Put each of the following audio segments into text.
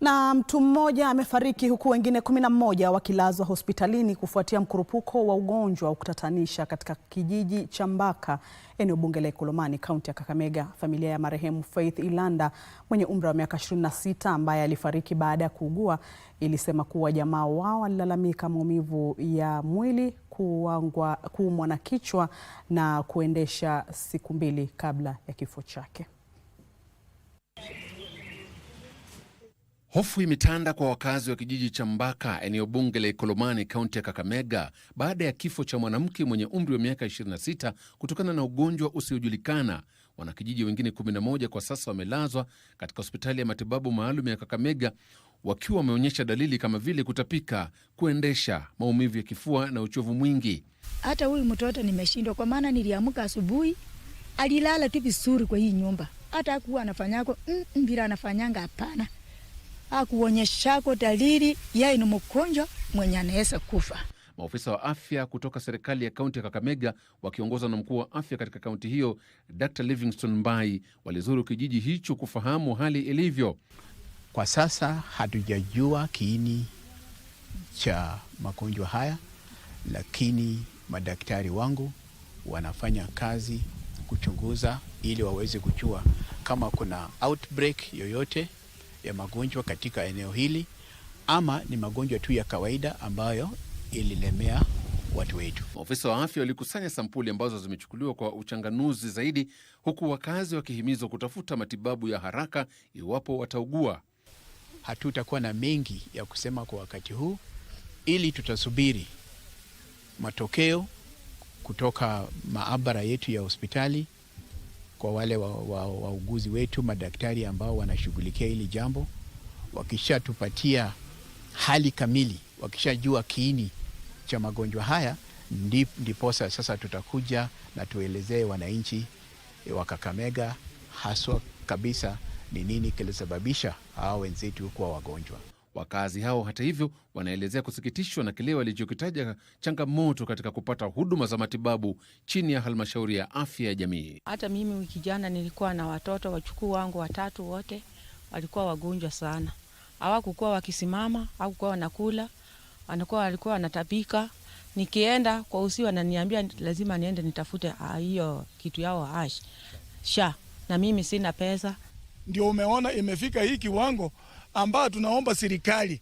Na mtu mmoja amefariki huku wengine kumi na mmoja wakilazwa hospitalini kufuatia mkurupuko wa ugonjwa wa kutatanisha katika kijiji cha Mbaka, eneo bunge la Ikolomani, kaunti ya Kakamega. Familia ya marehemu Faith Ilanda mwenye umri wa miaka 26 ambaye alifariki baada ya kuugua ilisema kuwa jamaa wao alilalamika maumivu ya mwili, kuumwa na kichwa na kuendesha siku mbili kabla ya kifo chake. Hofu imetanda kwa wakazi wa kijiji cha Mbaka, eneo bunge la Ikolomani, kaunti ya Kakamega, baada ya kifo cha mwanamke mwenye umri wa miaka 26 kutokana na ugonjwa usiojulikana. Wanakijiji wengine 11 kwa sasa wamelazwa katika hospitali ya matibabu maalum ya Kakamega wakiwa wameonyesha dalili kama vile kutapika, kuendesha, maumivu ya kifua na uchovu mwingi. Hata huyu mtoto nimeshindwa, kwa maana niliamka asubuhi, alilala tu vizuri kwa hii nyumba, hata akuwa anafanyako bila anafanyanga, hapana akuonyeshako dalili yai ni mkonjwa mwenye anaweza kufa. Maofisa wa afya kutoka serikali ya kaunti ya Kakamega wakiongozwa na mkuu wa afya katika kaunti hiyo Dr Livingstone Mbai walizuru kijiji hicho kufahamu hali ilivyo. Kwa sasa hatujajua kiini cha magonjwa haya, lakini madaktari wangu wanafanya kazi kuchunguza ili waweze kujua kama kuna outbreak yoyote ya magonjwa katika eneo hili ama ni magonjwa tu ya kawaida ambayo ililemea watu wetu. Maafisa wa afya walikusanya sampuli ambazo zimechukuliwa kwa uchanganuzi zaidi, huku wakazi wakihimizwa kutafuta matibabu ya haraka iwapo wataugua. Hatutakuwa na mengi ya kusema kwa wakati huu, ili tutasubiri matokeo kutoka maabara yetu ya hospitali kwa wale wauguzi wa, wa wetu madaktari ambao wanashughulikia hili jambo. Wakishatupatia hali kamili, wakishajua kiini cha magonjwa haya, ndiposa sasa tutakuja na tuelezee wananchi wa Kakamega haswa kabisa ni nini kilisababisha hawa wenzetu kuwa wagonjwa. Wakazi hao hata hivyo, wanaelezea kusikitishwa na kile walichokitaja changamoto katika kupata huduma za matibabu chini ya halmashauri ya afya ya jamii. Hata mimi wiki jana nilikuwa na watoto wachukuu wangu watatu, wote walikuwa wagonjwa sana, hawakukuwa wakisimama, hawakukuwa wanakula, wanakuwa walikuwa wanatapika. Nikienda kwa usi wananiambia lazima niende nitafute ah, hiyo kitu yao hash sha, na mimi sina pesa. Ndio umeona imefika hii kiwango ambao tunaomba serikali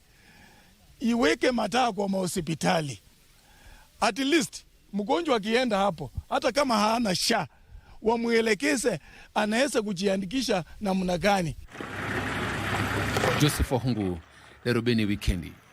iweke mataa kwa mahospitali. At least mgonjwa akienda hapo, hata kama haana sha, wamwelekeze anaweza kujiandikisha namna gani. Joseph Ohungu, Wikendi.